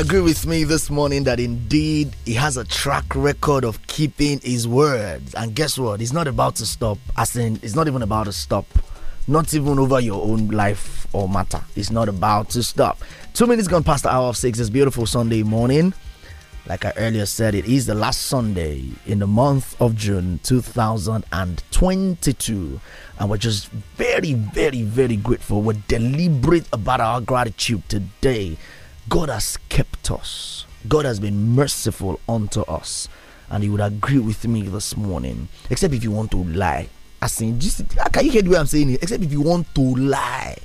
agree with me this morning that indeed he has a track record of keeping his word. And guess what? He's not about to stop. As in, it's not even about to stop. Not even over your own life or matter. It's not about to stop. Two minutes gone past the hour of six. It's beautiful Sunday morning. Like I earlier said, it is the last Sunday in the month of June 2022. And we're just very, very, very grateful. We're deliberate about our gratitude today. God has kept us. God has been merciful unto us. And you would agree with me this morning. Except if you want to lie. I saying, can you hear the way I'm saying it? Except if you want to lie.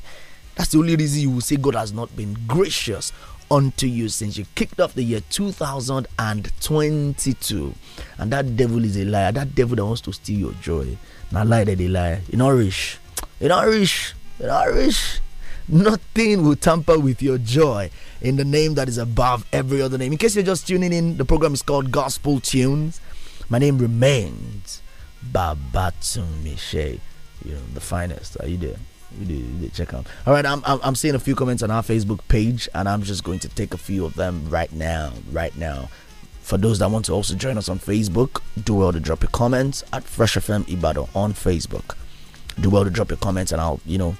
That's the only reason you will say God has not been gracious unto you since you kicked off the year 2022. And that devil is a liar. That devil that wants to steal your joy. Now lie that they lie. in Irish, in Irish, in Irish. Nothing will tamper with your joy in the name that is above every other name. In case you're just tuning in, the program is called Gospel Tunes. My name remains Babatunde Miche. You know, the finest. Are you there? You do, you do check out. All right, I'm, I'm, I'm seeing a few comments on our Facebook page, and I'm just going to take a few of them right now. Right now. For those that want to also join us on Facebook, do well to drop your comments at Fresh FM Ibado on Facebook. Do well to drop your comments, and I'll, you know,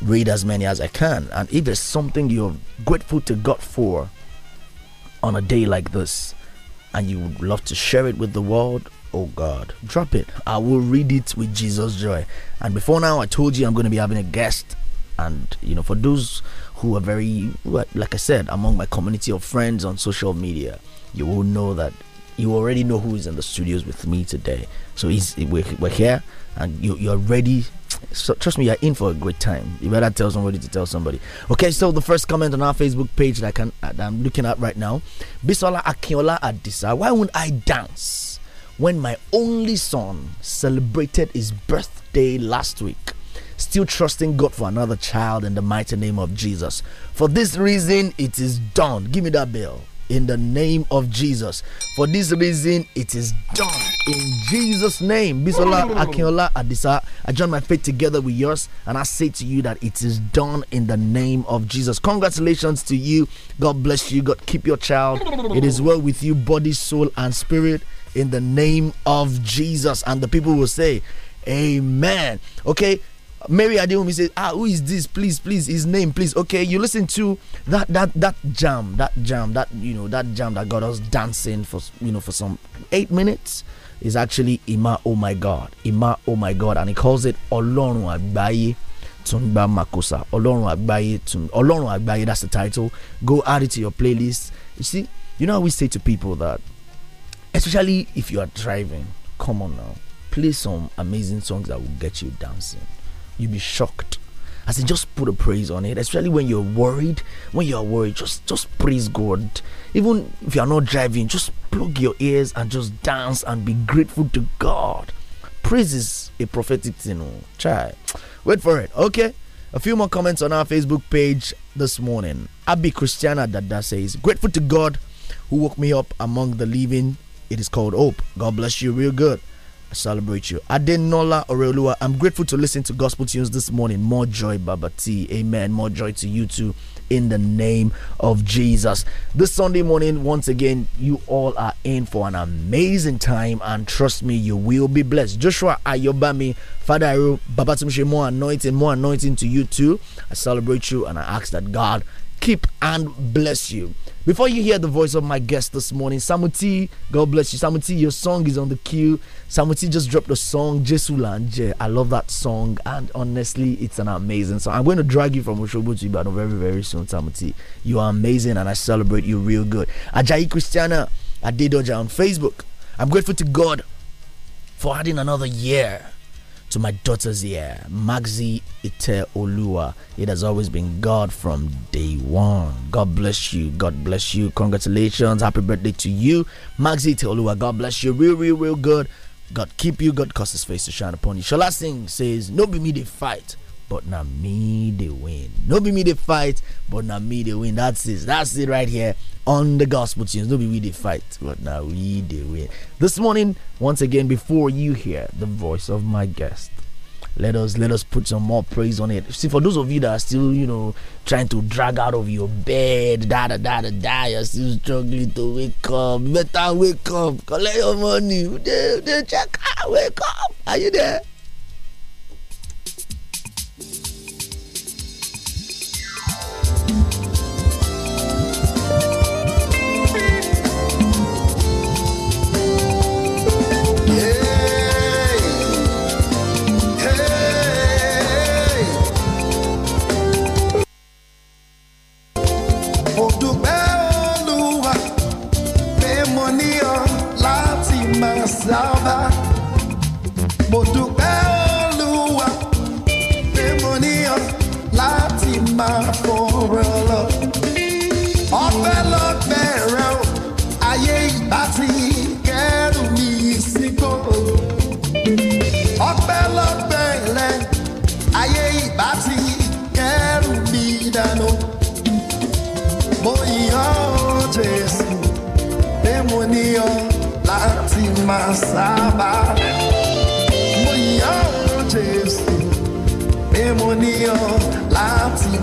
read as many as I can. And if there's something you're grateful to God for on a day like this, and you would love to share it with the world, oh God, drop it. I will read it with Jesus' joy. And before now, I told you I'm going to be having a guest. And, you know, for those who are very, like I said, among my community of friends on social media, you will know that you already know who is in the studios with me today. So he's, we're, here and you, you're ready so trust me, you're in for a great time. You better tell somebody to tell somebody. Okay, so the first comment on our Facebook page that, I can, that I'm looking at right now, Bisola Akinola Adisa. Why won't I dance when my only son celebrated his birthday last week? Still trusting God for another child in the mighty name of Jesus. For this reason, it is done. Give me that bell in the name of Jesus. For this reason, it is done in Jesus' name. Bisola Akinola Adisa, I join my faith together with yours, and I say to you that it is done in the name of Jesus. Congratulations to you. God bless you. God keep your child. It is well with you, body, soul, and spirit, in the name of Jesus. And the people will say, Amen. Okay, Mary Adewumi says, Ah, who is this? Please, please, his name, please. Okay, you listen to that that that jam, that jam, that you know, that jam that got us dancing for you know for some eight minutes is actually Ima Oh My God. Ima Oh My God. And he calls it Olorun Agbaye Tumba Makosa. Olorun Agbaye Tum Olorun Agbaye, that's the title. Go add it to your playlist. You see, you know how we say to people that especially if you are driving, come on now, play some amazing songs that will get you dancing you'll be shocked. As in, just put a praise on it, especially when you're worried. When you're worried, just just praise God. Even if you're not driving, just plug your ears and just dance and be grateful to God. Praise is a prophetic thing. Try. Oh. Wait for it. Okay. A few more comments on our Facebook page this morning. Abby Christiana Dada says, Grateful to God who woke me up among the living. It is called hope. God bless you, real good. I celebrate you. Adenola Oreoluwa. I'm grateful to listen to gospel tunes this morning. More joy, Baba T. Amen. More joy to you too in the name of Jesus. This Sunday morning, once again, you all are in for an amazing time, and trust me, you will be blessed. Joshua Ayobami, Father Iru, Babatumshe, more anointing, more anointing to you too. I celebrate you and I ask that God keep and bless you. Before you hear the voice of my guest this morning, Samuti, God bless you. Samuti, your song is on the queue. Samuti just dropped a song, Jesulanje. I love that song, and honestly, it's an amazing song. I'm going to drag you from Oshobo to Ibadan very, very soon, Samuti. You are amazing, and I celebrate you real good. Ajayi Christiana Adedoja on Facebook. I'm grateful to God for adding another year to my daughter's ear, Maxi Ite Olua. It has always been God from day one. God bless you. God bless you. Congratulations. Happy birthday to you, Maxi Ite Olua. God bless you. Real, real, real good. God keep you. God cause his face to shine upon you. Shola Singh says, No be me they fight but now me they win. No be me they fight, but now me they win. That's it. That's it right here on the gospel tunes. No be we they fight, but now we dey win. This morning, once again, before you hear the voice of my guest, let us let us put some more praise on it. See, for those of you that are still, you know, trying to drag out of your bed, da da da da da, you're still struggling to wake up. Better wake up, collect your money. Check out, wake up. Are you there? masaba Mwenye ọjọ́ láti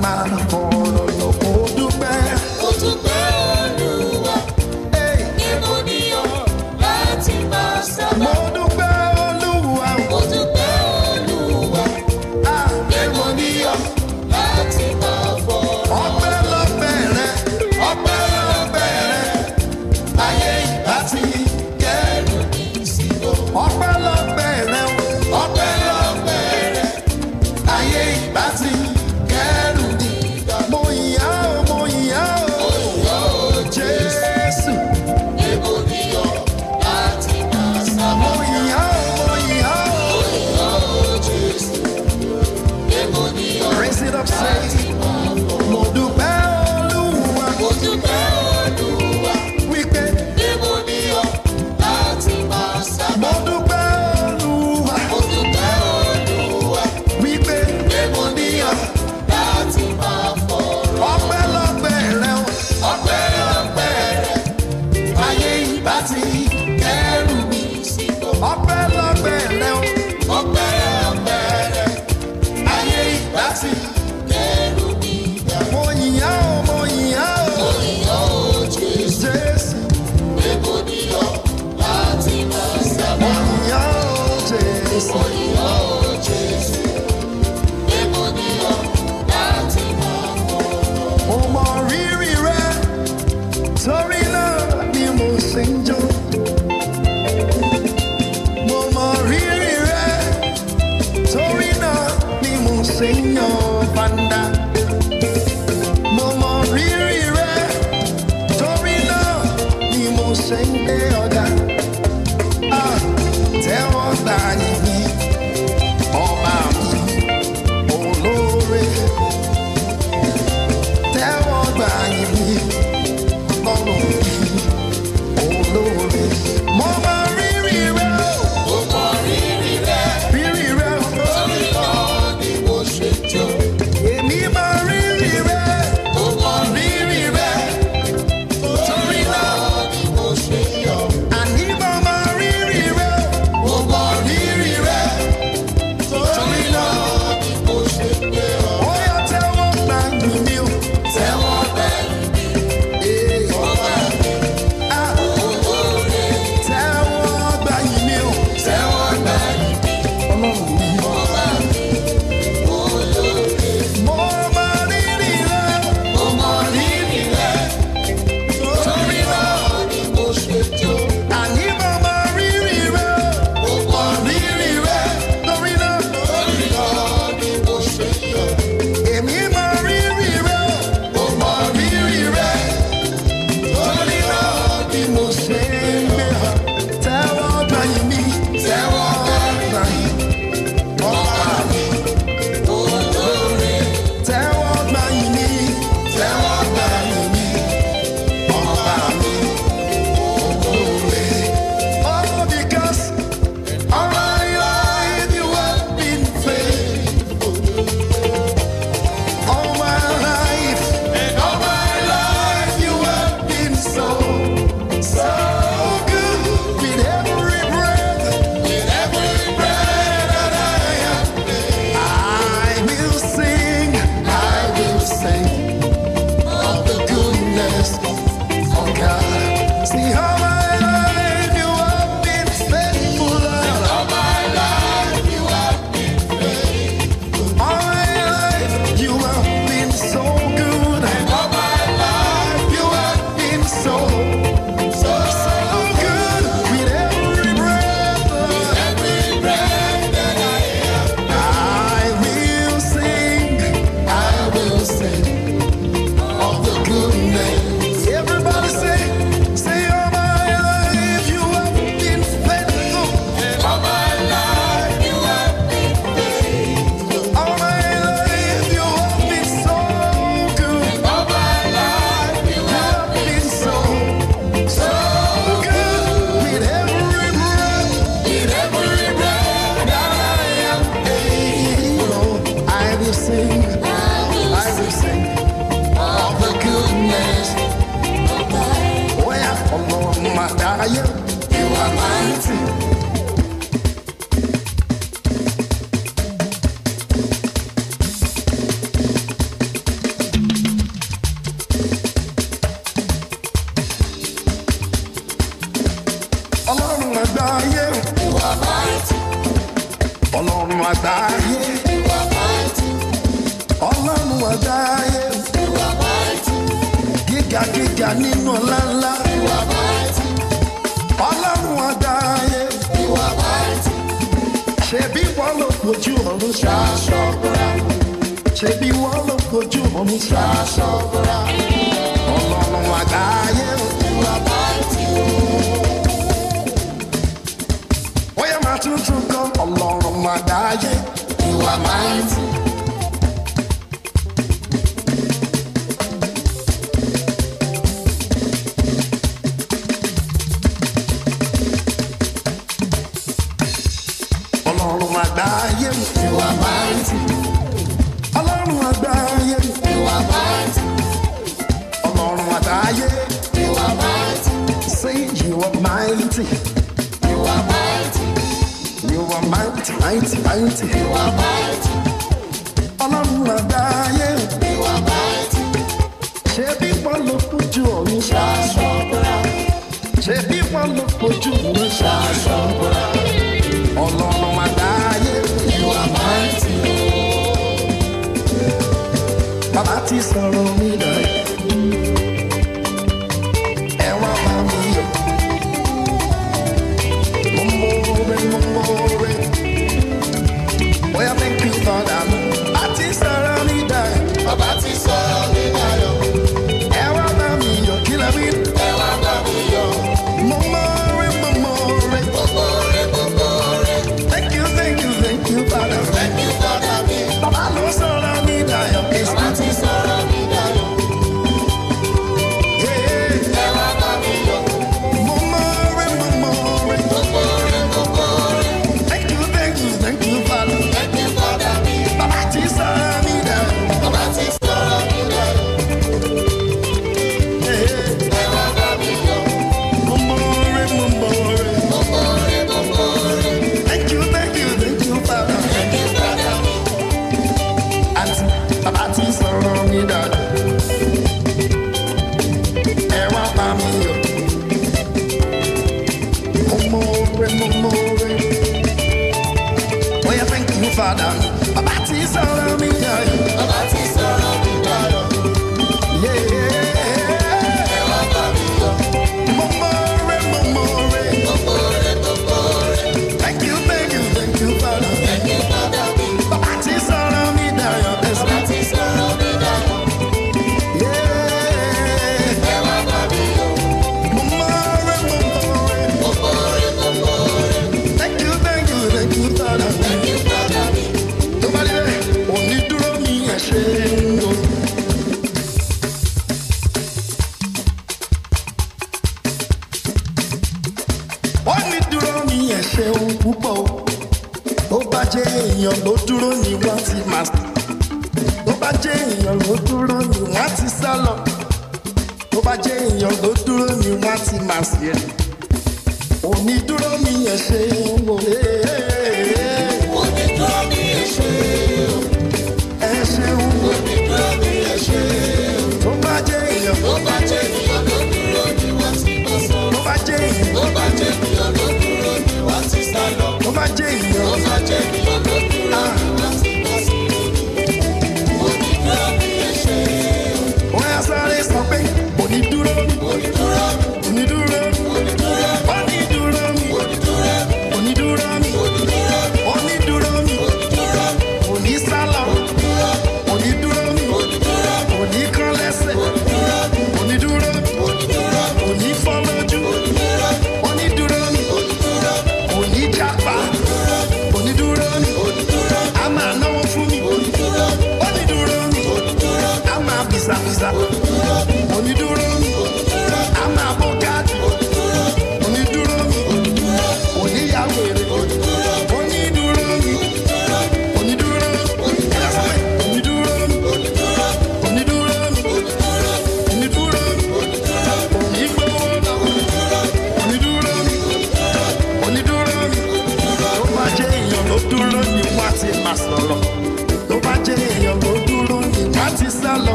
sorrow me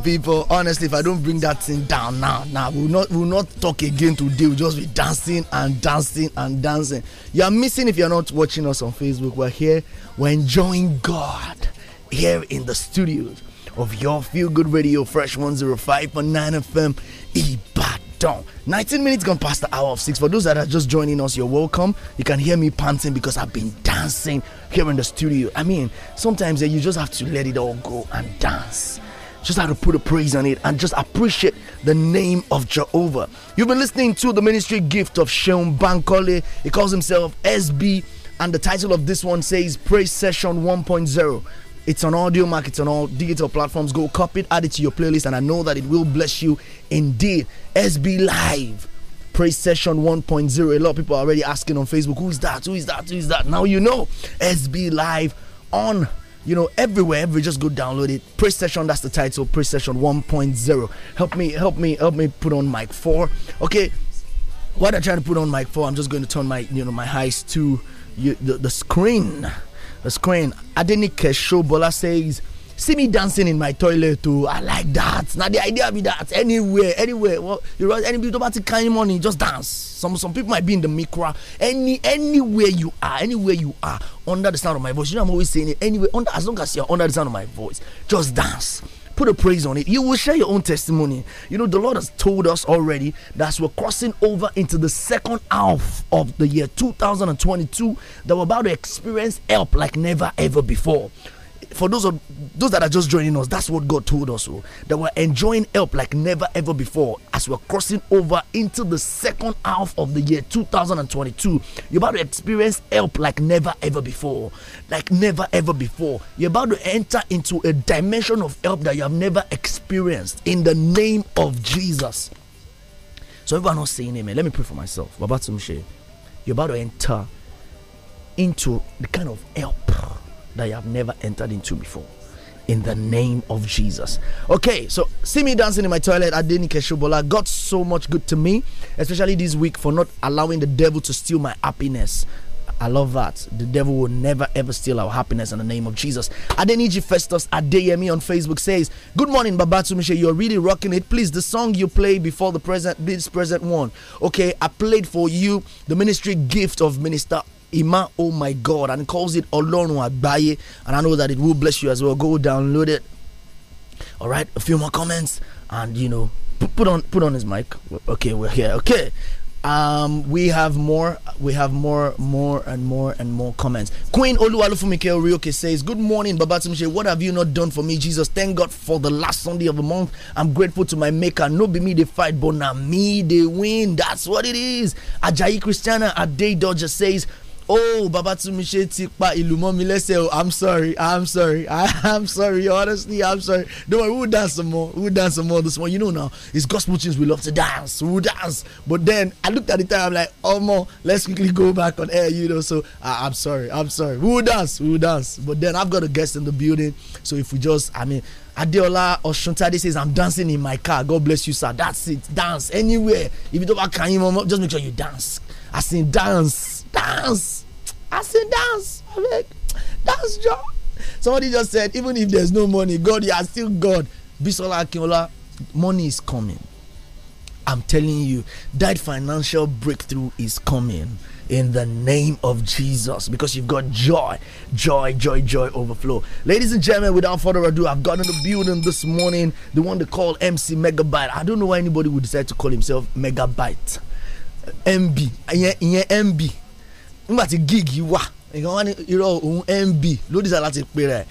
people, honestly, if I don't bring that thing down now, now we'll not we'll not talk again today. We'll just be dancing and dancing and dancing. You are missing if you're not watching us on Facebook. We're here, we're enjoying God here in the studios of your feel good radio, Fresh 105.9 FM, Ibadan. 19 minutes gone past the hour of six. For those that are just joining us, you're welcome. You can hear me panting because I've been dancing here in the studio. I mean, sometimes you just have to let it all go and dance just how to put a praise on it and just appreciate the name of Jehovah. You've been listening to the ministry gift of Sheon Bankole. He calls himself SB, and the title of this one says Praise Session 1.0. It's on Audio market. it's on all digital platforms. Go copy it, add it to your playlist, and I know that it will bless you indeed. SB Live. Praise Session 1.0. A lot of people are already asking on Facebook, who is that? Who is that? Who is that? Now you know. SB Live on you know, everywhere, every just go download it. pre session, that's the title, pre session 1.0. Help me, help me, help me put on mic four. Okay, what I try to put on mic four, I'm just going to turn my, you know, my highs to you, the, the screen. The screen. Adenike Shobola says, see me dancing in my toilet too. Oh, I like that. Now the idea be that anywhere, anywhere, well, you know, any people about kind money, just dance. Some some people might be in the mikra. Any anywhere you are, anywhere you are, under the sound of my voice. You know I'm always saying it. Anyway, under as long as you're under the sound of my voice, just dance put a praise on it. You will share your own testimony. You know, the Lord has told us already that we're crossing over into the second half of the year 2022 that we're about to experience help like never ever before for those of those that are just joining us, that's what God told us. Oh, that we're enjoying help like never ever before as we're crossing over into the second half of the year 2022. You're about to experience help like never ever before. Like never ever before. You're about to enter into a dimension of help that you have never experienced in the name of Jesus. So if I'm not saying amen, let me pray for myself. You're about to enter into the kind of help that you have never entered into before. In the name of Jesus. Okay, so see me dancing in my toilet at Shubola Keshubola. so much good to me, especially this week for not allowing the devil to steal my happiness. I love that. The devil will never ever steal our happiness in the name of Jesus. Adeniji Festus Adeyemi on Facebook says, Good morning, Babatumisha. You're really rocking it. Please, the song you play before the present this present one. Okay, I played for you the ministry gift of Minister Ima Oh My God and calls it Olorun Agbaye. And I know that it will bless you as well. Go download it. All right, a few more comments and you know put on put on his mic. Okay, we're here. Okay. Um, we have more, we have more, more and more and more comments. Queen Oluwalufumike Orioke says, "Good morning, Babatunde. What have you not done for me, Jesus? Thank God for the last Sunday of the month. I'm grateful to my Maker. No be me they fight, but now me they win. That's what it is." Ajayi Christiana Ade Dodger says oh Babatunmise ti pa ìlú mọ́ mi lẹ́sẹ̀ o i'm sorry i'm sorry i'm sorry honestly i'm sorry don't worry we'll dance some more we'll dance some more this morning you know now it's gospel tunes we love to dance we'll dance but then I looked at the time I'm like oh more. let's quickly go back on air you know so I, am sorry I'm sorry we'll dance we'll dance but then I've got a guest in the building so if we just I mean Adeola Oshuntade says, I'm dancing in my car. God bless you, sir. That's it. Dance anywhere. If you don't want mom just make sure you dance. I sing dance. Dance. I said, dance. I Dance, John. Somebody just said, even if there's no money, God, you are still God. Bisola Akinola, money is coming. I'm telling you, that financial breakthrough is coming in the name of Jesus because you've got joy, joy, joy, joy overflow. Ladies and gentlemen, without further ado, I've gotten the building this morning, the one they call MC Megabyte. I don't know why anybody would decide to call himself Megabyte. MB, yeah, yeah, MB nígbà tí gíìgì wà nǹkan wá ní irọ́ òun mb lódìsá láti pè rẹ̀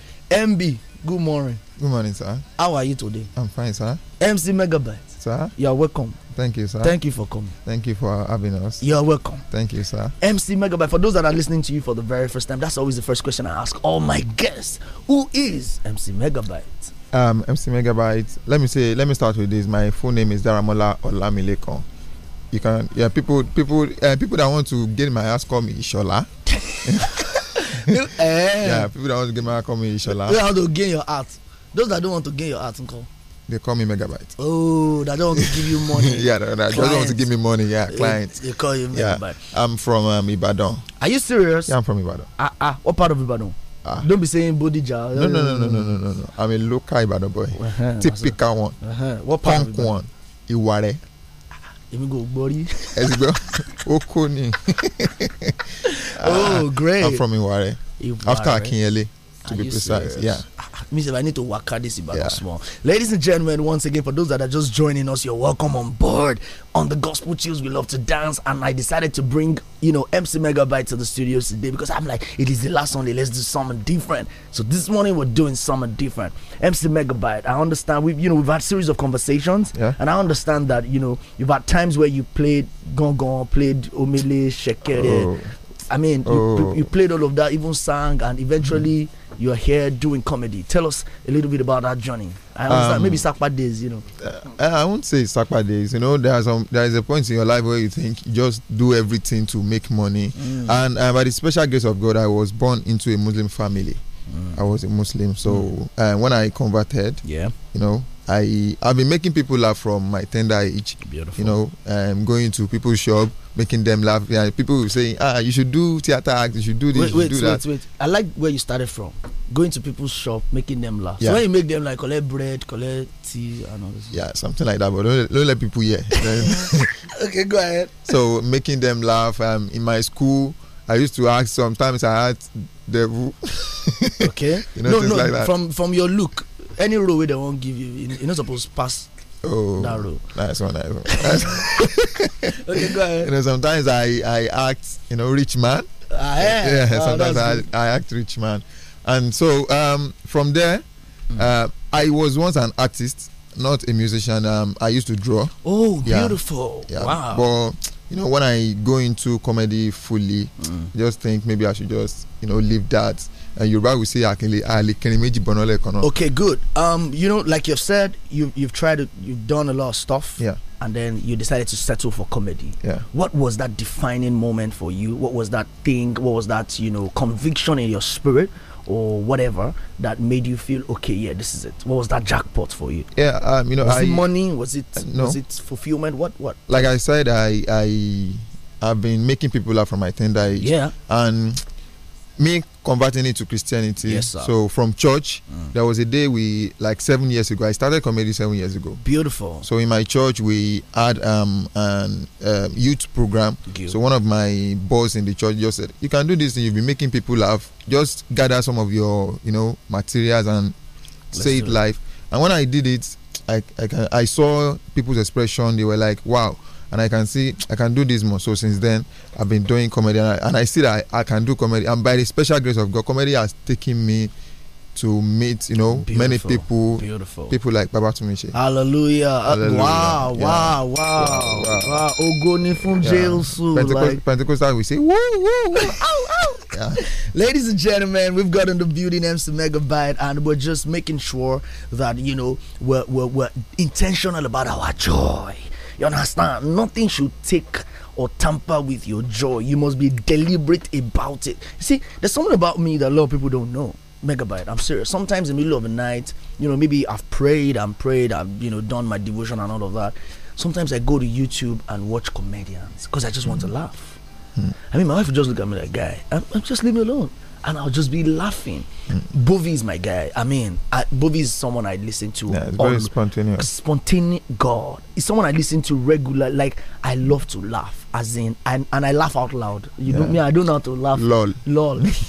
mb good morning. good morning sir. how are you today. i'm fine sir. mc megabyte. sir. you are welcome. Thank you, sir. Thank you for coming. Thank you for having us. You're welcome. Thank you, sir. MC Megabyte, for those that are listening to you for the very first time, that's always the first question I ask all my guests. Who is MC Megabyte? Um, MC Megabyte, let me say, let me start with this. My full name is Daramola Olamilekon you can yeah people people uh, people that want to get my ass call me Ishola. Eh. yeah, people that want to get my ass call me Ishola. You want to gain your ass. Those that don't want to gain your art, call. They call me megabyte. Oh, that don't want to give you money. yeah, that, that don't want to give me money. Yeah, clients. They call you megabyte. Yeah. I'm from um, Ibadan. Are you serious? Yeah, I'm from Ibadan. Ah, ah, what part of Ibadan? Ah. Don't be saying Bodija. No, no, no, no, no, no, no, no. I'm a local Ibadan boy. Uh -huh, Typical one. Uh -huh. What part Punk one. Iware èmi kò gbọ́ rí. ẹ ti gbọ́ ó kó ni. oh great. i'm from Iware after Akinyele to be ah, precise. Yeah means if I need to work out this yeah. small. Ladies and gentlemen, once again, for those that are just joining us, you're welcome on board. On the Gospel Tunes, we love to dance, and I decided to bring, you know, MC Megabyte to the studios today because I'm like, it is the last Sunday, let's do something different. So this morning we're doing something different. MC Megabyte, I understand we've you know we've had series of conversations, yeah. and I understand that, you know, you've had times where you played Gong, played Omele, Shekere, oh. I mean, oh. you, you, played all of that, even sang, and eventually mm you are here doing comedy. Tell us a little bit about that journey. I understand um, maybe Sakpa days, you know. Uh, I, I won't say Sakpa days. You know, there are some there is a point in your life where you think you just do everything to make money, mm. and uh, by the special grace of God, I was born into a Muslim family. Mm. I was a Muslim, so mm. uh, when I converted, yeah, you know, I I've been making people laugh from my tender age. Beautiful. You know, I'm um, going to people's shop, making them laugh. Yeah, people saying, ah, you should do theater act, you should do this, wait, wait, do wait, wait, I like where you started from. Going to people's shop, making them laugh. Yeah. So when you make them like collect bread, collect tea, and all this. Yeah, something like that. But don't, don't let people hear. okay, go ahead. So making them laugh. Um, in my school, I used to ask. Sometimes I had devil. okay. you know, no, no. Like from from your look, any role wey dem wan give you you no suppose pass oh, that role. That's what I that's Okay, go ahead. You know, sometimes I, I act, you know, rich man. Ah, yeah. yeah oh, sometimes I, I act rich man. And so um, from there, mm. uh, I was once an artist, not a musician. Um, I used to draw. Oh, yeah. beautiful. Yeah. Wow. But, you know, when I go into comedy fully, mm. just think maybe I should just, you know, leave that and eh, Yoruba will say akinle alekere meji okay good um, you know like you've said you, have you've tried to, you've done a lot of stuff. Yeah. And then you decided to settle for comedy. Yeah. What was that defining moment for you? What was that thing? What was that you know conviction in your spirit or whatever that made you feel okay yeah this is it what was that jackpot for you yeah um, you know was I, it money was it uh, no. was it fulfillment what what like i said i i have been making people laugh from my tender age yeah and me converting into Christianity. Yes, sir. So from church, mm. there was a day we like seven years ago. I started comedy seven years ago. Beautiful. So in my church, we had um an um, youth program. You. So one of my boss in the church just said, "You can do this. and you have been making people laugh. Just gather some of your you know materials and Let's say it live." And when I did it, I I, I saw people's expression. They were like, "Wow." and I can see I can do this more. So since then, I've been doing comedy, and I, and I see that I, I, can do comedy. And by the special grace of God, comedy has taken me to meet, you know, beautiful, many people, beautiful people like Baba Tumichi. Hallelujah! Uh, Hallelujah. Wow, yeah. wow, wow, wow, wow, wow! Ogoni from yeah. jail soon. Pentecost, like. Pentecostal, we say woo, woo, woo, ow, ow. Yeah. Ladies and gentlemen, we've gotten the beauty names to Megabyte, and we're just making sure that you know we're, we're, we're intentional about our joy. You understand? Nothing should take or tamper with your joy. You must be deliberate about it. You see, there's something about me that a lot of people don't know. Megabyte, I'm serious. Sometimes in the middle of the night, you know, maybe I've prayed and prayed, I've, you know, done my devotion and all of that. Sometimes I go to YouTube and watch comedians because I just want to laugh. Hmm. I mean, my wife would just look at me like, guy, I'm, I'm just leave me alone and I'll just be laughing. Mm. Bovi is my guy. I mean, I, Bovi is someone I listen to. Yeah, it's very spontaneous. Spontaneous God. It's someone I listen to regular. Like I love to laugh, as in, and and I laugh out loud. You yeah. know me. I don't know how to laugh. Lol. Lol.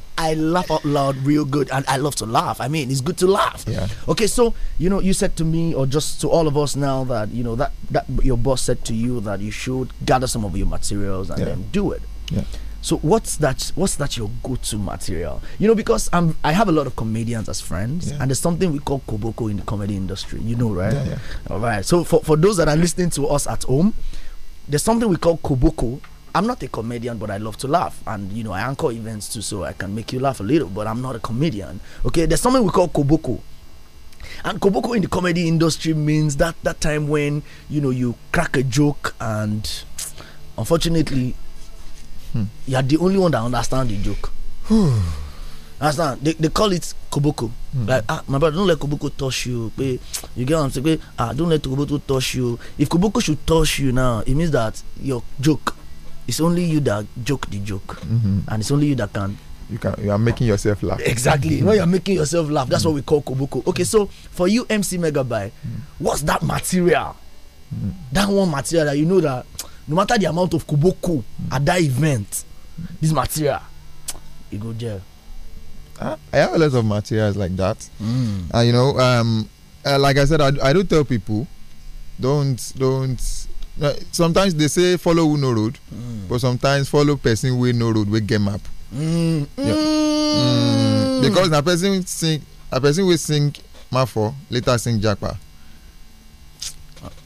I laugh out loud real good, and I love to laugh. I mean, it's good to laugh. Yeah. Okay, so you know, you said to me, or just to all of us now, that you know that that your boss said to you that you should gather some of your materials and yeah. then do it. Yeah so what's that? What's that your go-to material? You know, because I'm I have a lot of comedians as friends, yeah. and there's something we call koboko in the comedy industry. You know, right? Yeah, yeah. All right. So for for those that are listening to us at home, there's something we call koboko. I'm not a comedian, but I love to laugh, and you know I anchor events too, so I can make you laugh a little. But I'm not a comedian. Okay, there's something we call koboko. And koboko in the comedy industry means that that time when you know you crack a joke and unfortunately Hmm. You are the only one that understand the joke. understand? They, they call it koboko. Hmm. Like ah, my brother, don't let koboko touch you. You get what I'm saying? Ah, don't let koboko touch you. If koboko should touch you now, it means that your joke. It's only you that joke the joke, mm-hmm. and it's only you that can you can you are making yourself laugh exactly when you're making yourself laugh that's mm. what hmm. we call koboko okay so for you mc megabyte mm. what's that material mm. that one material that you know that no matter the amount of kuboko at that event this material e go there. Ah, I have a lot of materials like that. Mm. Uh, you know, um, uh, like I said, I, I do tell people, don't don't. Uh, sometimes they say follow who no road, mm. but sometimes follow person wey no road wey get map. Mm. Yeah. Mm. Mm. because na person sing na person wey sing mafo later sing japa.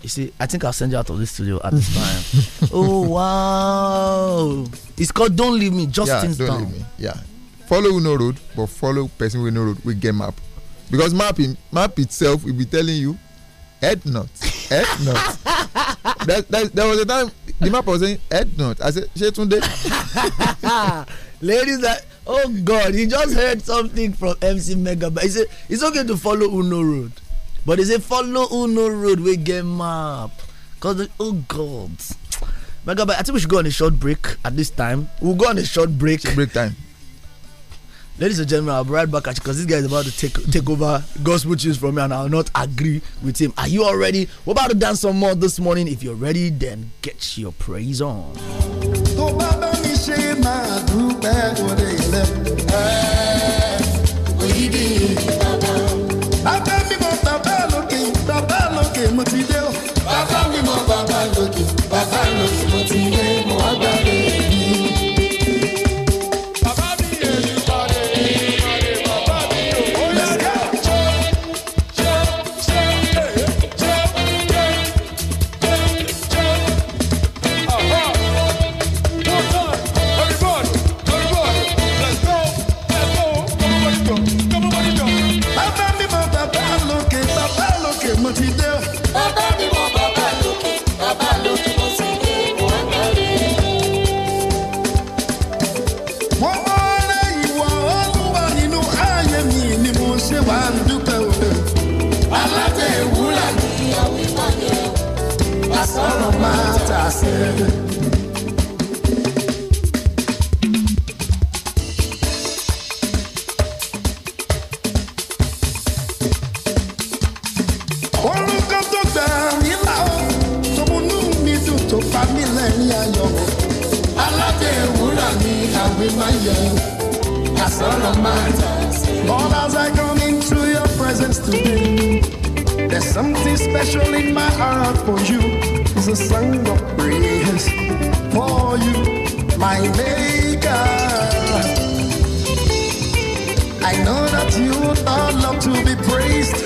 You see, I think I'll send you out of this studio at this time. oh wow! It's called "Don't Leave Me." Justin yeah, don't leave me. Yeah, follow no road, but follow person with no road. We game map because mapping map itself will be telling you head not head not. that, that, there was a time the map was saying head not. I said Shetunde. Ladies, that oh God, he just heard something from MC Megabyte. He said it's okay to follow Uno road. But they say follow Uno Road, we get map. Cause oh god. My God, but I think we should go on a short break at this time. We'll go on a short break. break time. Ladies and gentlemen, I'll be right back at you because this guy is about to take take over gospel tunes from me and I'll not agree with him. Are you all ready? We're about to dance some more this morning. If you're ready, then get your praise on. my young, I son of All as I come into your presence today, there's something special in my heart for you. It's a song of praise for you, my maker. I know that you are love to be praised.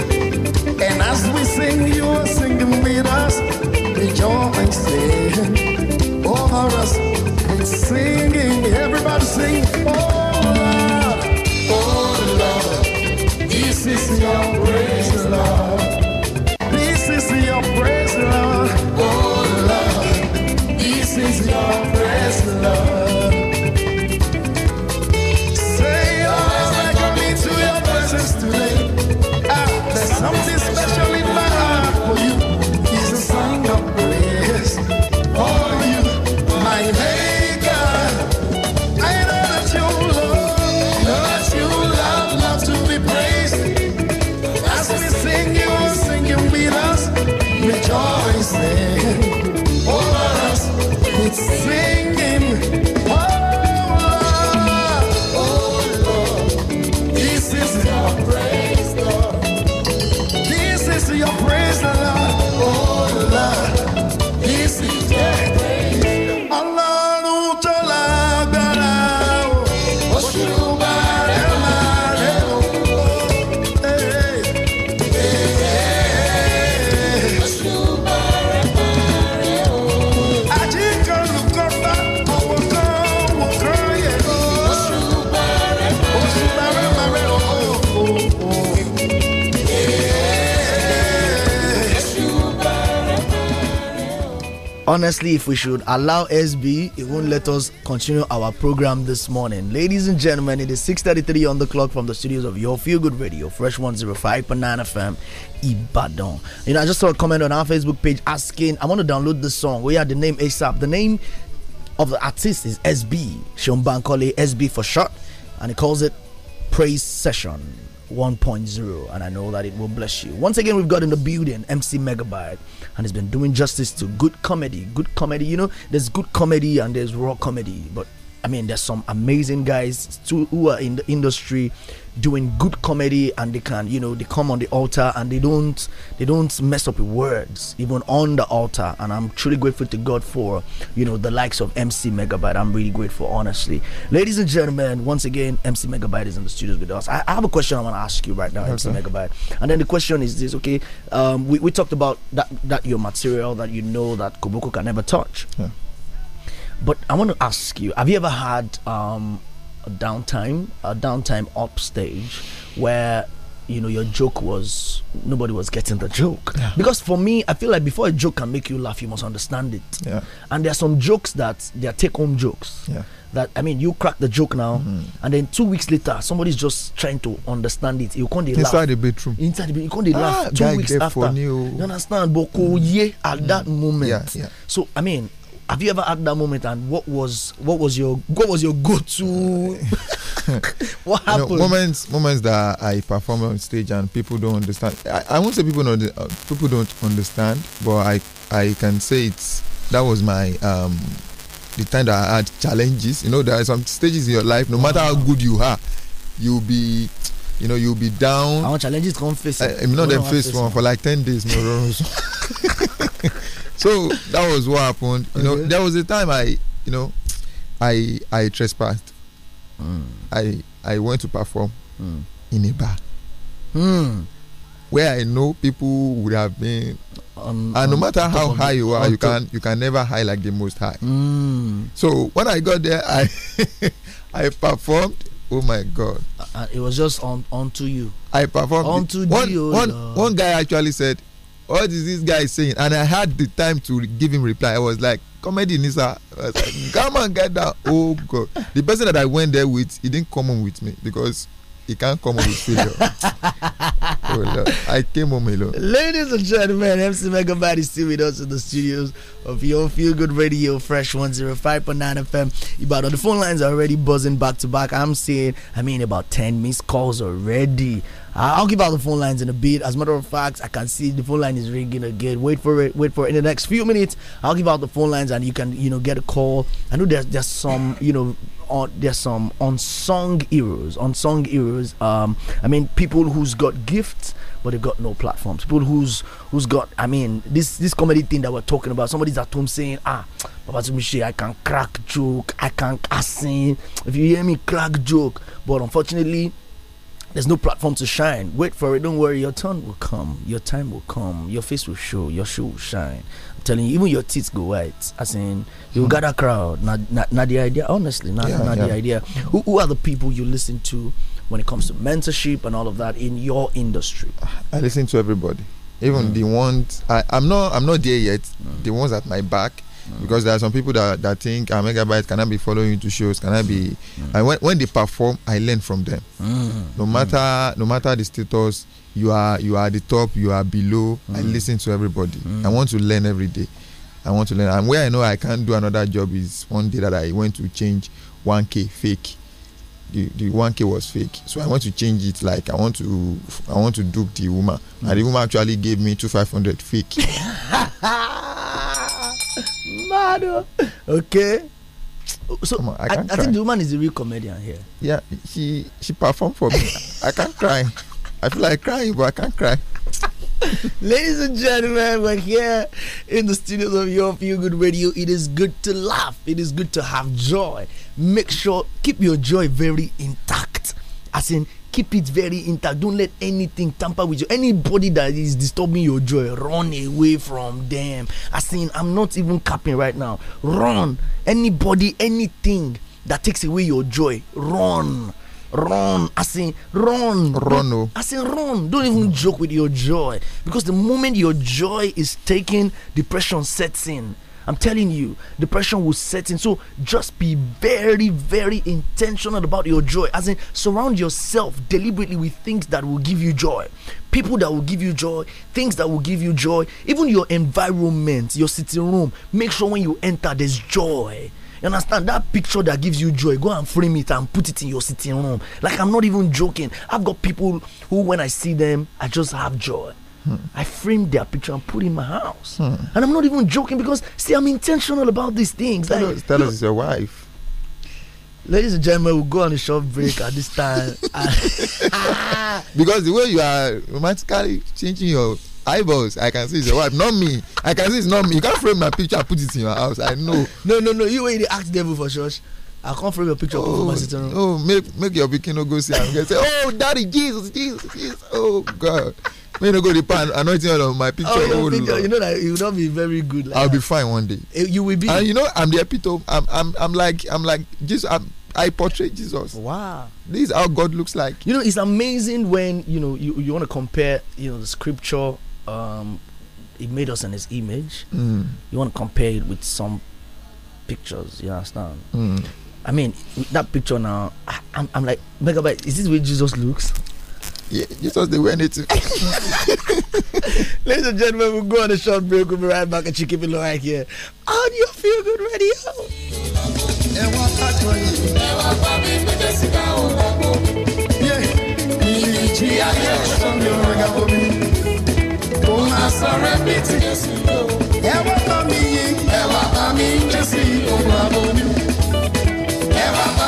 And as we sing, you are singing with us, rejoicing over us singing, everybody sing. Oh Lord, oh Lord, this is your praise, Lord. This is your praise, Lord. Oh Lord, this is your praise, Lord. Say, oh, as I come your presence today, ah, there's something special. Honestly, if we should allow SB, it won't let us continue our program this morning. Ladies and gentlemen, it is 6.33 on the clock from the studios of Your Feel Good Radio, Fresh 105.9 FM, Ibadan. You know, I just saw a comment on our Facebook page asking, I want to download this song. We had the name ASAP. The name of the artist is SB, Sean Bankole, SB for short, and he calls it Praise Session 1.0, and I know that it will bless you. Once again, we've got in the building MC Megabyte and he's been doing justice to good comedy. Good comedy, you know, there's good comedy and there's raw comedy, but I mean, there's some amazing guys too who are in the industry doing good comedy and they can you know they come on the altar and they don't they don't mess up with words even on the altar and i'm truly grateful to god for you know the likes of mc megabyte i'm really grateful honestly ladies and gentlemen once again mc megabyte is in the studios with us i, I have a question i want to ask you right now okay. mc megabyte and then the question is this okay um, we, we talked about that that your material that you know that koboko can never touch yeah. but i want to ask you have you ever had um, downtime, a downtime upstage where you know your joke was nobody was getting the joke yeah. because for me i feel like before a joke can make you laugh you must understand it yeah. and there are some jokes that they are take-home jokes yeah. that i mean you crack the joke now mm. and then two weeks later somebody's just trying to understand it you can't they inside laugh. the bedroom inside the bedroom you can't ah, laugh two weeks after you understand but mm. at mm. that mm-hmm. moment so i mean have you ever had that moment and what was what was your what was your go-to what happened you know, moments moments that i perform on stage and people don't understand i, I won't say people don't uh, people don't understand but i i can say it's that was my um the time that i had challenges you know there are some stages in your life no matter how good you are you'll be you know you'll be down want challenges come face eh, i, i'm not no, face one for like 10 days no, so that was what happened. You know, okay. there was a time I, you know, I I trespassed. Mm. I I went to perform mm. in a bar. Mm. Where I know people would have been, and no matter how high you are, you can you can never high like the most high. Hmm. So when I got there, I I performed. Oh my God! Uh, uh, it was just on onto you. I performed onto one, you. Oh one, one guy actually said, what is this guy saying and i had the time to give him reply i was like comedy nisa like, come and get that oh god the person that i went there with he didn't come home with me because he can't come on with failure oh lord i came home alone ladies and gentlemen mc megabody is still with us in the studios of your feel good radio fresh 105.9 fm but the phone lines are already buzzing back to back i'm seeing i mean about 10 missed calls already I'll give out the phone lines in a bit. As a matter of fact, I can see the phone line is ringing again. Wait for it. Wait for it. In the next few minutes, I'll give out the phone lines and you can, you know, get a call. I know there's there's some, you know, on, there's some unsung heroes. Unsung heroes. Um, I mean, people who's got gifts but they've got no platforms. People who's who's got. I mean, this this comedy thing that we're talking about. Somebody's at home saying, ah, Papa Tumishi, I can crack joke. I can I sing. If you hear me, crack joke. But unfortunately there's no platform to shine. Wait for it. Don't worry. Your turn will come. Your time will come. Your face will show. Your shoe will shine. I'm telling you, even your teeth go white. As in, you hmm. got a crowd. Not, not, not, the idea. Honestly, not, yeah, not yeah. the idea. Who, who are the people you listen to when it comes to mentorship and all of that in your industry? I listen to everybody. Even mm. the ones I, am not I'm not there yet. Mm. The ones at my back, because there are some people that, that think a ah, Megabyte cannot be following you to shows, cannot be. Mm. And when, when they perform, I learn from them. No matter no matter the status, you are you are at the top, you are below. I mm. listen to everybody. Mm. I want to learn every day. I want to learn. And where I know I can't do another job is one day that I went to change 1K fake the the one k was fake so i want to change it like i want to i want to dupe the woman mm. and the woman actually gave me two five hundred fake. Mad. Okay. So on, I, I, I think the woman is a real comedian here. Yeah, she she performed for me. I can't cry. I feel like crying, but I can't cry. Ladies and gentlemen, we're here in the studios of Your Feel Good Radio. It is good to laugh. It is good to have joy. Make sure keep your joy very intact. As in, keep it very intact don't let anything tamper with you anybody that is disturbing your joy run away from them i say, i'm not even capping right now run anybody anything that takes away your joy run run i say run run oh. i say run don't even joke with your joy because the moment your joy is taken depression sets in I'm telling you, depression will set in. So just be very, very intentional about your joy. As in, surround yourself deliberately with things that will give you joy. People that will give you joy, things that will give you joy, even your environment, your sitting room. Make sure when you enter, there's joy. You understand that picture that gives you joy? Go and frame it and put it in your sitting room. Like I'm not even joking. I've got people who, when I see them, I just have joy. Hmm. I framed their picture and put in my house. Hmm. And I'm not even joking because, see, I'm intentional about these things. Tell, like, us, tell you know, your wife. Ladies and gentlemen, we'll go on a short break at this time. because the way you are romantically changing your eyeballs i can see it's your wife not me i can see it's not me you can't frame my picture and put it in your house i know. no no no you wey the ask devil for church i can't frame your picture oh, my oh make make your bikini go see am get say oh daddy jesus jesus jesus oh god me no go the pan anointing oil on my picture. Oh, you know that you would not be very good. Like I'll that. be fine one day. Eh, you will be. And you know I'm the epitome. I'm I'm I'm like I'm like Jesus. I'm, I portray Jesus. Wow. This is how God looks like. You know, it's amazing when, you know, you, you want to compare, you know, the scripture, um, he made us in his image. Mm. You want to compare it with some pictures, you understand? Mm. I mean, that picture now, I, am like, Megabyte, is this the way Jesus looks? Jesus didn't wear anything. Ladies and gentlemen, we'll go on a short break. We'll be right back at you. Keep it low right here on your Feel Good Radio. Òun àsọ̀rẹ́ bíi ti Jésù lò. Ẹ wá bá mi yí. Ẹ wá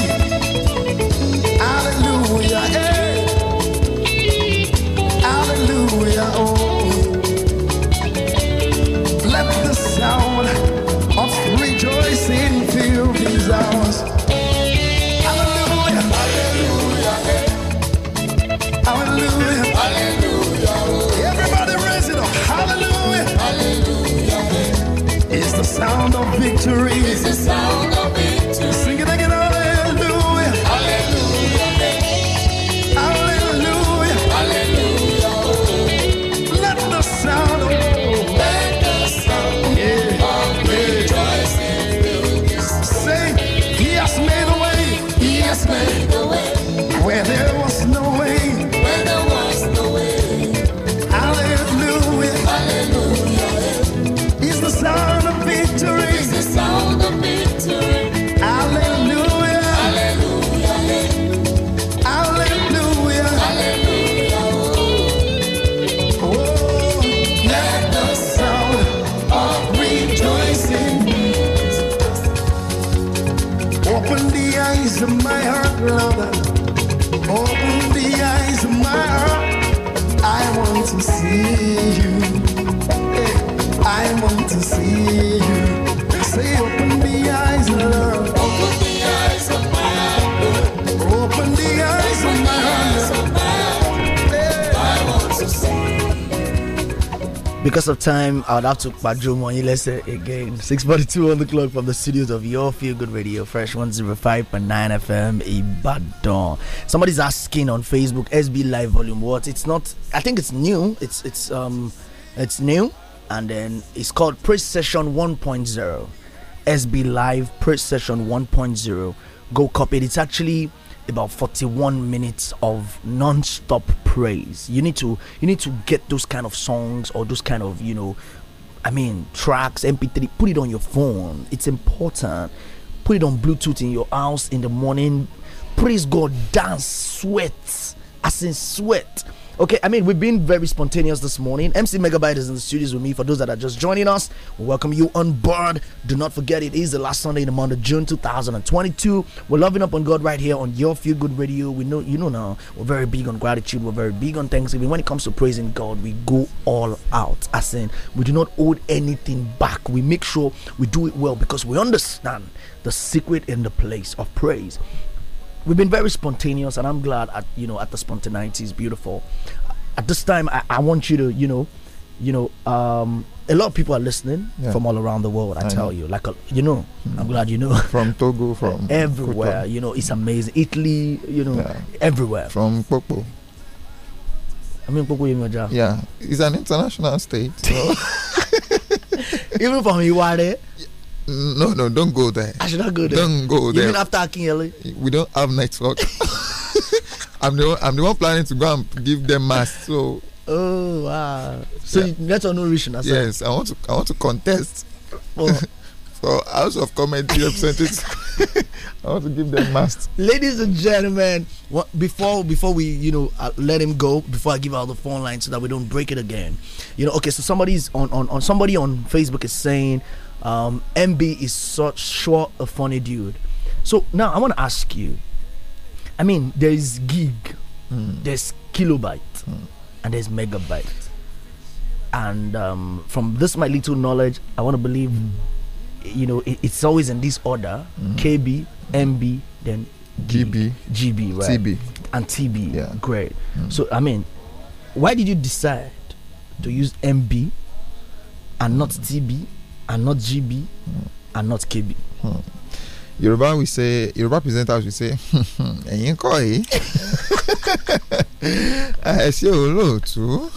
sound of victory. because of time, I would have to let's say again. 6.42 on the clock from the studios of Your Feel Good Radio, Fresh 105.9 FM, Ibadan. Somebody's asking on Facebook, SB Live Volume What? It's not, I think it's new. It's, it's, um, it's new. And then it's called Press Session 1.0. SB Live Press Session 1.0. Go copy it. It's actually about 41 minutes of non-stop praise you need to you need to get those kind of songs or those kind of you know i mean tracks mp3 put it on your phone it's important put it on bluetooth in your house in the morning praise god dance sweat as in sweat Okay, I mean, we've been very spontaneous this morning. MC Megabyte is in the studios with me. For those that are just joining us, we welcome you on board. Do not forget, it is the last Sunday in the month of June 2022. We're loving up on God right here on Your Feel Good Radio. We know, you know now, we're very big on gratitude. We're very big on thanksgiving. When it comes to praising God, we go all out. As in, we do not hold anything back. We make sure we do it well because we understand the secret in the place of praise we've been very spontaneous, and I'm glad at you know at the spontaneity is beautiful. At this time, I, I want you to you know, you know, um, a lot of people are listening yeah. from all around the world. I, I tell know. you, like a, you know, mm. I'm glad you know. From Togo, from everywhere, Kutan. you know, it's amazing. Italy, you know, yeah. everywhere. From Popo. I mean, Popo know, Yeah, it's an international state. So. Even from Iware. No, no, don't go there. I should not go there. Don't go there. Even after Akinyele, We don't have network. I'm the one, I'm the one planning to go and give them mass. So. Oh wow! So yeah. network no reach now. Yes, I want to I want to contest. Oh. for House of Comedy representatives. I want to give them mass. Ladies and gentlemen, what, before before we you know uh, let him go, before I give out the phone line so that we don't break it again, you know. Okay, so somebody's on on, on somebody on Facebook is saying um, MB is such sure a funny dude. So now I want to ask you. I mean, there is gig, mm. there's kilobyte, mm. and there's megabyte. And um, from this my little knowledge, I want to believe, mm. you know, it, it's always in this order: hmm. KB, MB, then GB, GB, right? TB, and TB. Yeah. Great. Hmm. So I mean, why did you decide to use MB and not TB? and not GB mm. and not KB. Mm. Yoruba we say Yoruba presenters we say ẹ̀yin kọ́ hello àìsí olóòtú.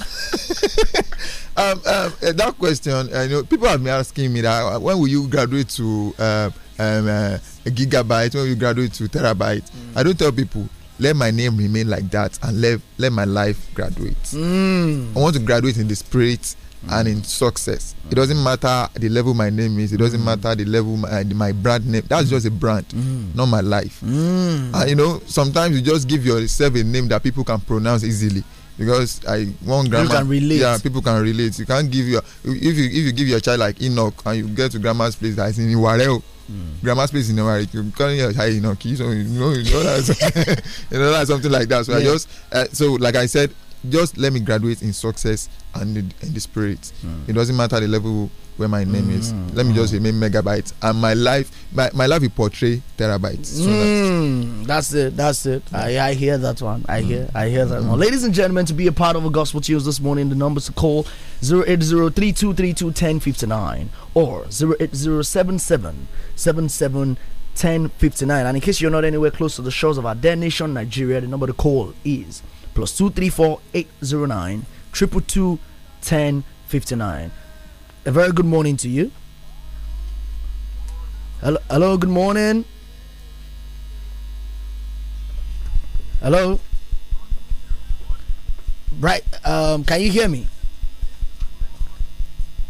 that question, I know, people have been asking me that uh, when will you graduate to uh, um, uh, gigabyte? When will you graduate to terabyte? Mm. I don't tell people let my name remain like that and let let my life graduate. Mm. I want to graduate in the spirit and in success. It mm. doesn't matter the level my name is. It doesn't mm. matter the level my, my brand name. That's mm. just a brand, not my life. And you know, sometimes you just give yourself a name that people can pronounce easily because I one grammar. People can relate. Yeah, people can relate. You can't give your if you if you give your child like Enoch and you get to grandma's place that is in Iwareo. Mm. Grandma's place in Iwareo. You call your child Enoch. So you know you know that's you know that's something like that. So yeah. I just uh, so like I said, just let me graduate in success and in, in the spirit. Mm. It doesn't matter the level where my name mm. is. Let me just mm. remain megabytes, and my life, my, my life will portray terabytes. So mm. that's, that's it. That's it. I, I hear that one. I hear. Mm. I hear that one. Mm. Ladies and gentlemen, to be a part of a gospel tunes this morning, the numbers to call 08032321059 or 0807777 1059 and in case you're not anywhere close to the shores of our dear nation nigeria the number to call is plus 234 809 A very good morning to you. Hello, hello good morning. Hello. Right, um, can you hear me?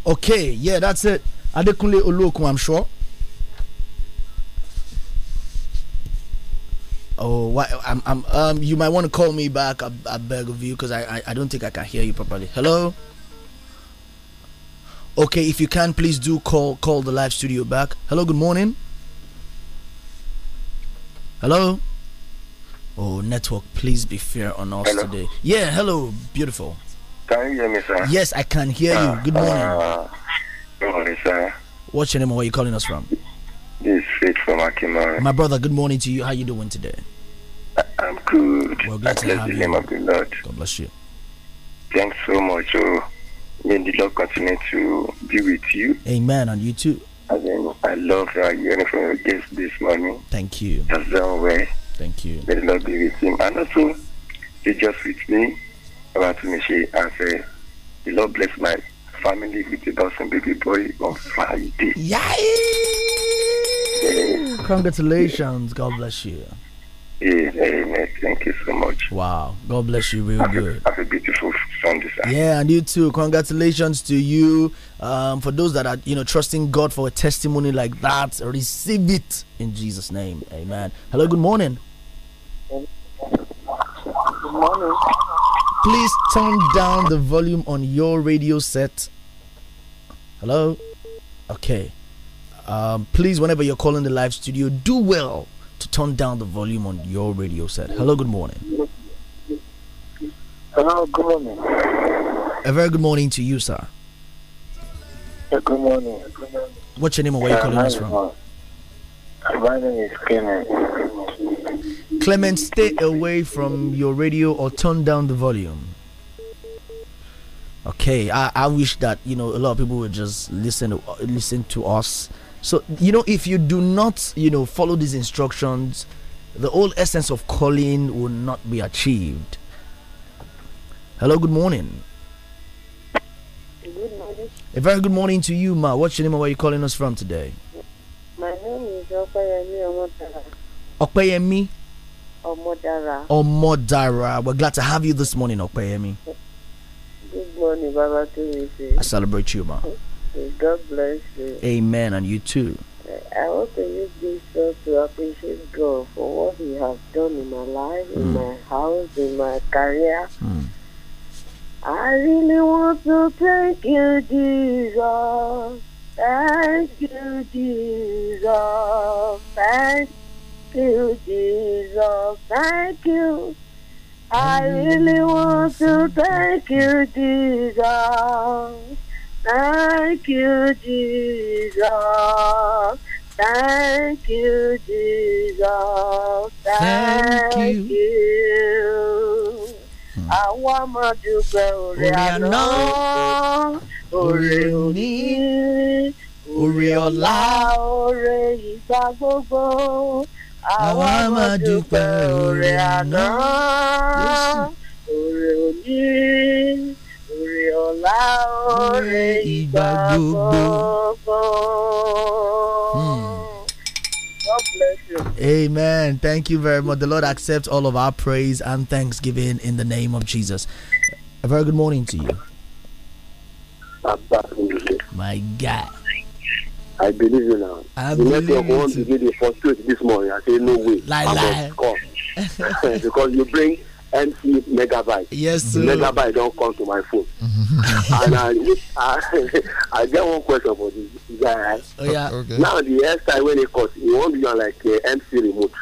Okay, yeah, that's it. Adekunle Olokun, I'm sure. Oh, I'm, I'm, um, you might want to call me back. I, I beg of you because I, I, I don't think I can hear you properly. Hello. Okay, if you can, please do call call the live studio back. Hello, good morning. Hello. Oh, network, please be fair on us hello? today. Yeah, hello, beautiful. Can you hear me, sir? Yes, I can hear uh, you. Good morning. Uh, good morning, sir. What's your name? Where are you calling us from? This is from Akimari. My brother, good morning to you. How you doing today? I'm good. Well, I bless the name of the Lord. God bless you. Thanks so much. Oh. may the Lord continue to be with you. Amen. And you too. And I love uh, hearing from your guest this morning. Thank you. That's done way. Thank you. May the Lord be with him. And also, he just with me about to sure I say, the Lord bless my family with a dozen baby boy on Friday. Yay! Yeah. Congratulations. God bless you. Amen. Amen. Thank you so much. Wow. God bless you. Real have good. A, have a beautiful Sunday. Sir. Yeah, and you too. Congratulations to you. Um, for those that are, you know, trusting God for a testimony like that, receive it in Jesus' name. Amen. Hello. Good morning. Good morning. Please turn down the volume on your radio set. Hello. Okay. Um, please, whenever you're calling the live studio, do well to turn down the volume on your radio set. Hello, good morning. Hello, good morning. A very good morning to you, sir. Good morning. Good morning. What's your name and where are you calling us from? My name is Clement. Clement, stay away from your radio or turn down the volume. Okay, I, I wish that you know a lot of people would just listen to, listen to us so, you know, if you do not, you know, follow these instructions, the whole essence of calling will not be achieved. Hello, good morning. Good morning. A very good morning to you, Ma. What's your name and where are you calling us from today? My name is Opeyemi Omodara. Opeyemi? Omodara. Omodara. We're glad to have you this morning, Opeyemi. Good morning, Baba. I celebrate you, Ma. God bless you. Amen. And you too. I want to use this show to appreciate God for what He has done in my life, mm. in hmm. my house, in my career. Mm. I really want to thank you, Jesus. Thank you, Jesus. Thank you, Jesus. Thank you. I really want to thank you, Jesus. Thank you, Jesus. Thank you, Jesus. Thank, Thank you. Hmm. Àwọn ọmọdúgbẹ́ òrè àná, òrè òní, òrè ọ̀la, òrè ìgbà gbogbo. Àwọn ọmọdúgbẹ́ òrè àná, òrè òní. Ariola ore ìgbà gbogbo. Amen. Thank you very much. The Lord accepts all of our praise and thanksgiving in the name of Jesus. A very good morning to you. My God. I believe you now. I you believe you. want to be the first this morning. I say no way. Lie, lie. because you bring empty megabyte. Yes, mm Megabyte don't come to my phone. and I, I, I, get one question for this guy. Oh, yeah. Okay. Now the hairstyle when it cuts, it won't be on like uh, MC remote.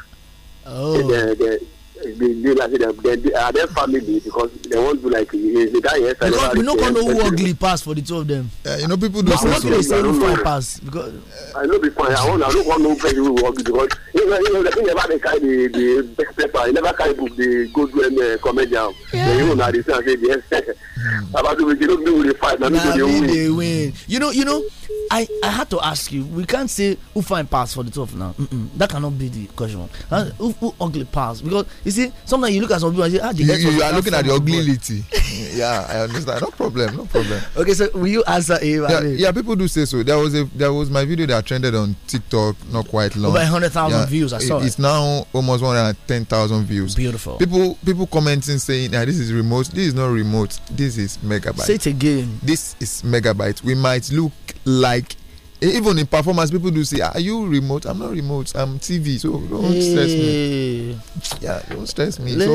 Oh. The, the, the, the, like, the, are they family because they won't do like the guy yes because we no go know who ugly pass for the two of them uh, you know people do so so I, I know before I will I don't know who ugly because the thing never the carry the the best paper he never carry book dey uh, go hmm. do comedian then you na dey see say yes babatunde no be we dey fight na me you win. win you know you know i i had to ask you we can't say who find pass for the 12 now mm -mm, that cannot be the question who, who ugly pass because you see sometimes you look at some people and say ah the you, you, you are looking at the ugly yeah i understand no problem no problem. okay so will you answer him. Yeah, yeah people do say so there was a there was my video that trended on tiktok not quite long. over hundred thousand. Yeah, views. I saw it, it. It's now almost one hundred ten thousand views. Beautiful. People people commenting saying, ah, this is remote. This is not remote. This is megabyte." Say it again. This is megabyte. We might look like even in performance people do say are ah, you remote i'm not remote i'm tv so don't hey. stress me yeah don't stress me Let so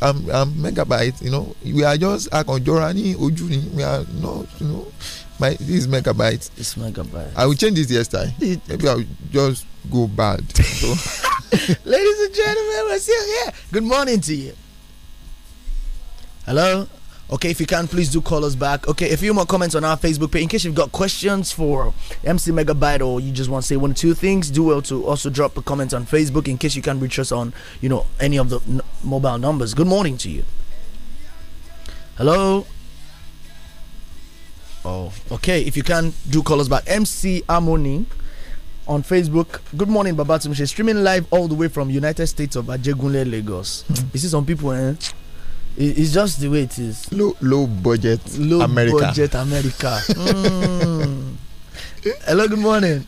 i'm i'm megabyte you know we are just a ojuni we are not you know my this megabyte. It's megabyte. I will change this yesterday. Maybe I'll just go bad. So. Ladies and gentlemen, we're still here. Good morning to you. Hello. Okay, if you can, please do call us back. Okay, a few more comments on our Facebook page. In case you've got questions for MC Megabyte or you just want to say one or two things, do well to also drop a comment on Facebook in case you can reach us on, you know, any of the mobile numbers. Good morning to you. Hello. Oh, okay. If you can, do call us back. MC Amoni on Facebook. Good morning, Babatum. She's streaming live all the way from United States of Ajegunle, Lagos. Hmm. You see some people, eh? It's just the way it is. Low, low budget low America. budget America. mm. Hello, good morning.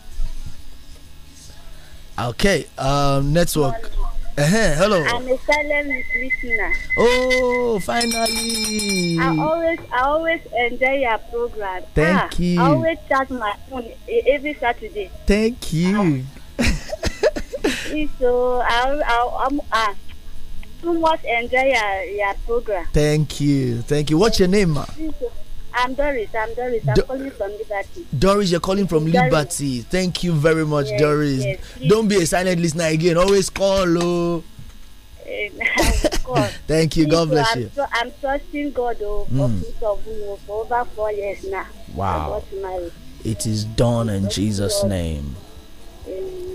Okay, um, network. Uh-huh, hello. I'm a silent listener. Oh, finally. I always, I always enjoy your program. Thank ah, you. I always charge my phone every Saturday. Thank you. Ah. so I, I, I'm, too ah, much enjoy your, your program. Thank you, thank you. What's your name, ma? I'm Doris. I'm Doris. I'm Do calling from Liberty. Doris, you're calling from Doris. Liberty. Thank you very much, yes, Doris. Yes, Don't be a silent listener again. Always call, oh. Eh, Thank you. God oh, bless you. So I'm, trusting God oh, mm. for over four years now. Wow. It is done in Jesus' name.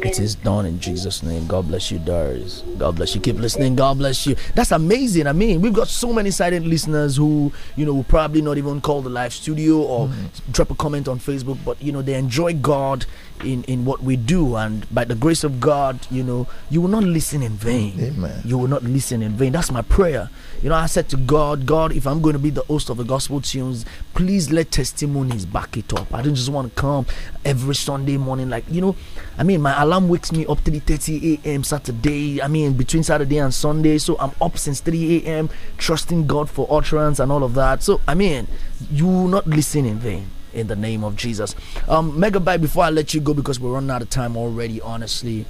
It is done in Jesus' name. God bless you, Doris. God bless you. Keep listening. God bless you. That's amazing. I mean, we've got so many silent listeners who, you know, will probably not even call the live studio or mm. drop a comment on Facebook, but, you know, they enjoy God in, in what we do and by the grace of God, you know, you will not listen in vain. Amen. You will not listen in vain. That's my prayer. You know, I said to God, God, if I'm going to be the host of the gospel tunes, please let testimonies back it up. I don't just want to come every Sunday morning, like you know, I mean my alarm wakes me up 3 30 a.m. Saturday. I mean between Saturday and Sunday. So I'm up since 3 a.m. trusting God for utterance and all of that. So I mean you will not listen in vain in the name of Jesus. Um, Megabyte, before I let you go, because we're running out of time already, honestly.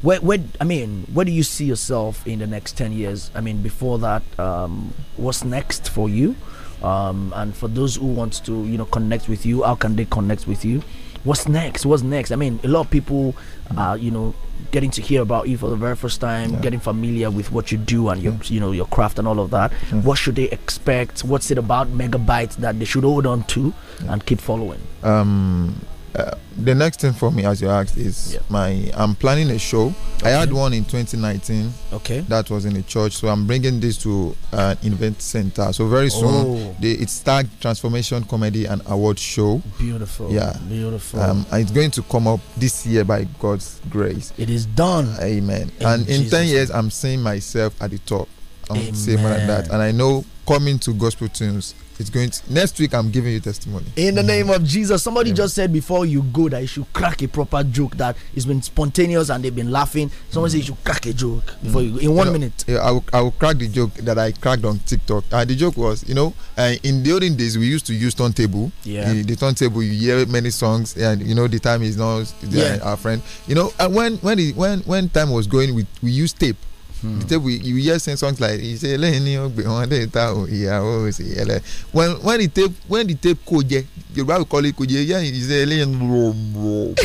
Where, where, I mean, where do you see yourself in the next 10 years? I mean, before that, um, what's next for you? Um, and for those who want to, you know, connect with you, how can they connect with you? what's next? What's next? I mean, a lot of people, are you know, getting to hear about you for the very first time, yeah. getting familiar with what you do and your, yeah. Mm. you know, your craft and all of that. Yeah. Mm. What should they expect? What's it about Megabytes that they should hold on to and keep following? Um, uh, the next thing for me, as you asked, is my I'm planning a show. Okay. I had one in 2019. Okay. That was in a church, so I'm bringing this to an event center. So very soon, oh. the, it's tag transformation comedy and award show. Beautiful. Yeah. Beautiful. Um, it's going to come up this year by God's grace. It is done. Amen. In and in Jesus 10 years, I'm seeing myself at the top. I'm Amen. saying like that, and I know coming to gospel tunes it's going to, next week i'm giving you testimony in the name of jesus somebody Amen. just said before you go that you should crack a proper joke that it's been spontaneous and they've been laughing someone mm. said you should crack a joke mm. you go. in mm. one you know, minute I will, I will crack the joke that i cracked on tiktok uh, the joke was you know uh, in the olden days we used to use turntable yeah the, the turntable you hear many songs and you know the time is not uh, yeah. our friend you know and uh, when when when when time was going we, we used tape Hmm. The table you hear saying songs like he say lẹ́yìn ọgbẹ wọn lẹ́yìn ta o ìyàwó sì yẹlẹ when when the tape when the tape koje Yoruba will call it koje yeah he say lẹ́yìn rọrọ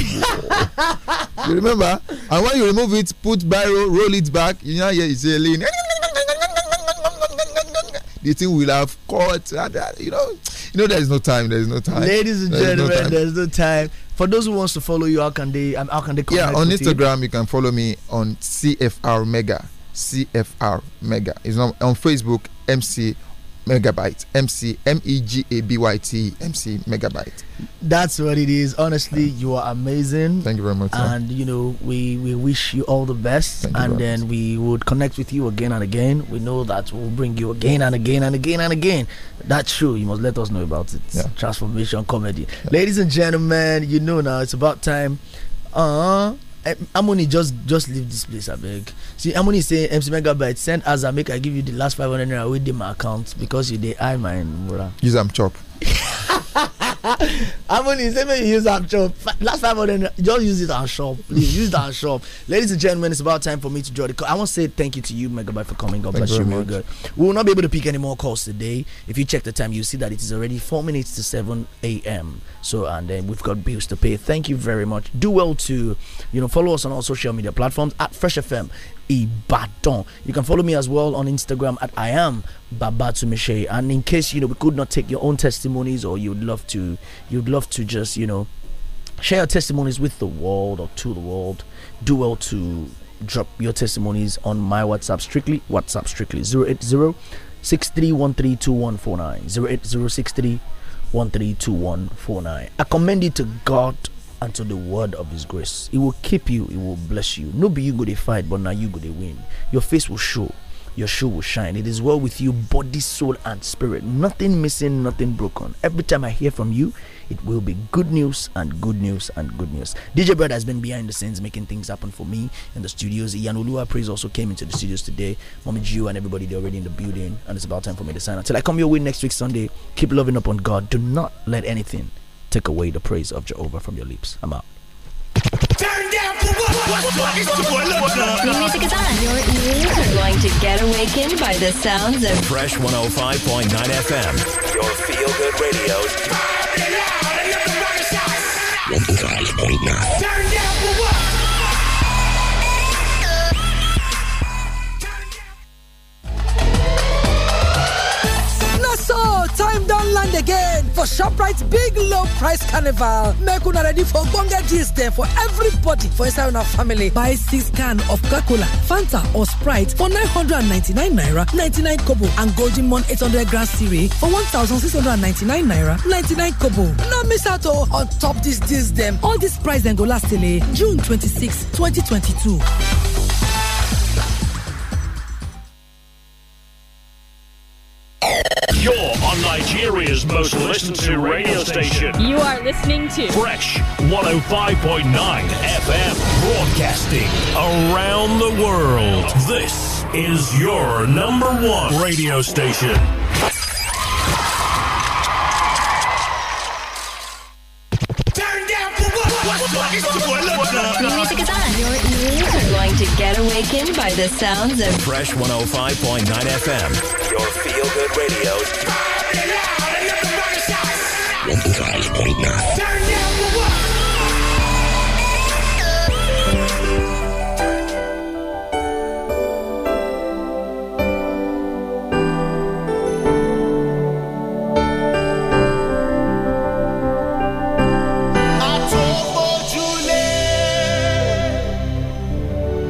you remember and when you remove it put biro roll it back you now hear he say lẹ́yìn the thing will have cut uh, you know you know there is no time there is no time. ladies and there gentlemen no there is no time for those who wants to follow you how can they um, how can they connect yeah on instagram you? you? can follow me on cfr mega CFR Mega. It's on, on Facebook, MC Megabyte. MC M E G A B Y T MC Megabyte. That's what it is. Honestly, yeah. you are amazing. Thank you very much. And you know, we we wish you all the best. Thank and then much. we would connect with you again and again. We know that we'll bring you again and again and again and again. That's true. You must let us know about it. Yeah. Transformation comedy, yeah. ladies and gentlemen. You know now it's about time. Uh. -huh Eh, Harmony just just leave this place, I beg. See, Harmony say MC Megabyte send as I make I give you the last 500 naira with my account because you dey eye mine, mura. Use am chop. Harmony say make use am chop. Last 500 just use it and shop. Please use that shop. Ladies and gentlemen, it's about time for me to draw the call. I want to say thank you to you, Megabyte, for coming. God bless you, real good. We will not be able to pick any more calls today. If you check the time, you see that it is already 4 minutes to 7 a.m. So and then we've got bills to pay. Thank you very much. Do well to you know follow us on all social media platforms at Fresh FM Ibadan. You can follow me as well on Instagram at I am Babatumishe. And in case you know we could not take your own testimonies or you'd love to you'd love to just, you know, share your testimonies with the world or to the world, do well to drop your testimonies on my WhatsApp strictly, WhatsApp strictly zero eight zero six three one three two one four nine zero eight zero six three. 132149. I commend it to God and to the word of his grace. It will keep you, it will bless you. No be you go to fight, but now you go to win. Your face will show, your shoe will shine. It is well with you, body, soul, and spirit. Nothing missing, nothing broken. Every time I hear from you, it will be good news and good news and good news. DJ Bird has been behind the scenes making things happen for me in the studios. Ian Olua Praise also came into the studios today. Mommy Jew and everybody, they're already in the building. And it's about time for me to sign out. Till I come your way next week, Sunday, keep loving up on God. Do not let anything take away the praise of Jehovah from your lips. I'm out. Turn down for what? New music is on. Your ears are going to get awakened by the sounds of Fresh 105.9 FM. Your feel good radio. 95.9 So, time don land again for Shoprite's big low price carnival make una ready for ogbonge gist dem for everybody for inside una family buy six can of coca-cola fanta or sprite for 999 naira 99 kobo and golden mon 800 grand series for 1699 naira 99 kobo no miss out oh, on top dis deals them. all dis price dem go last till eh, june 26 2022 You're on Nigeria's most listened to radio station. You are listening to Fresh 105.9 FM broadcasting around the world. This is your number one radio station. Music is on. Your ears are going to get awakened by the sounds of Fresh 105.9 FM. Good Radio's 105.9.